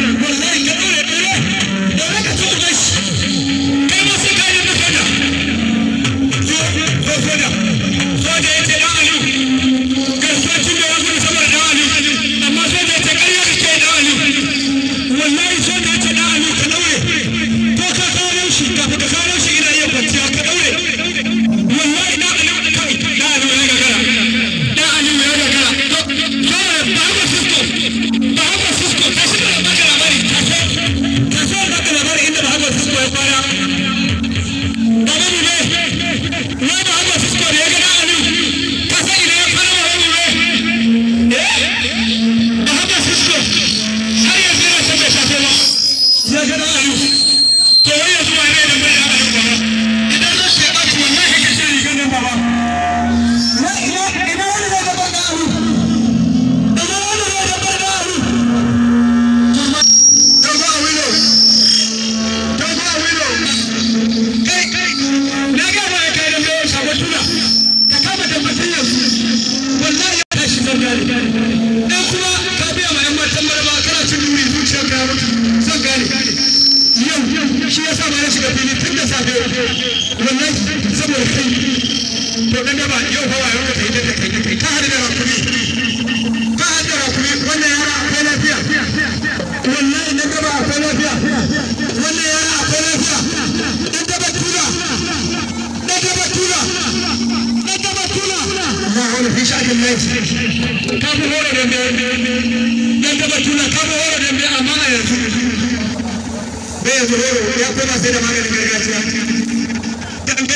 Hallelujah. saboda kai to dan daba yau fa wayo ne yi da kai kai ka hada da hakuri ka hada da hakuri wannan yara akwai lafiya wallahi na daba akwai lafiya wannan yara akwai lafiya tura dan tura tura ma wani fi sha'in mai ka fi hore da tura ka fi hore da mai amma a yanzu bai yanzu hore ya koma sai da maganin gargajiya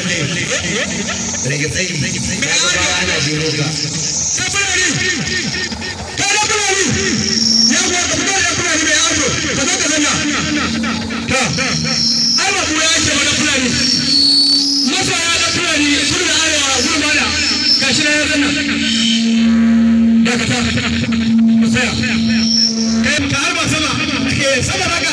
rage tsayi ana biro ka Dakata, ka tsaya, ka yi ta sama, ake sama raka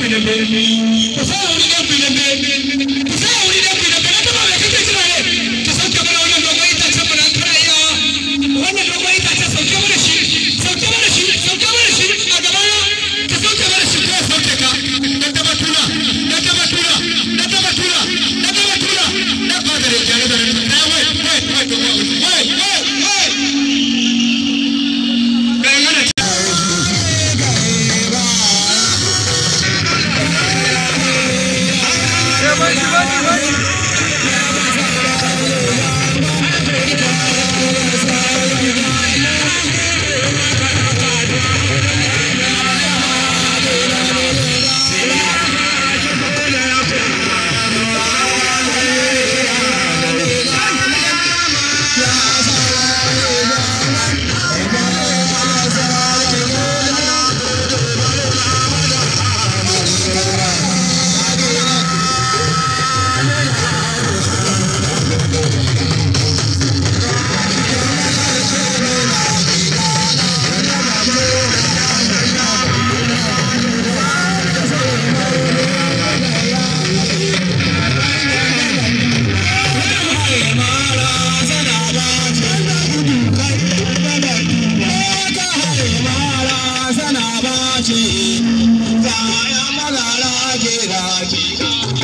bèrè bèrè kò sẹ́yìn oníkẹ́ bèrè bèrè kò sẹ́yìn.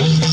Thank you.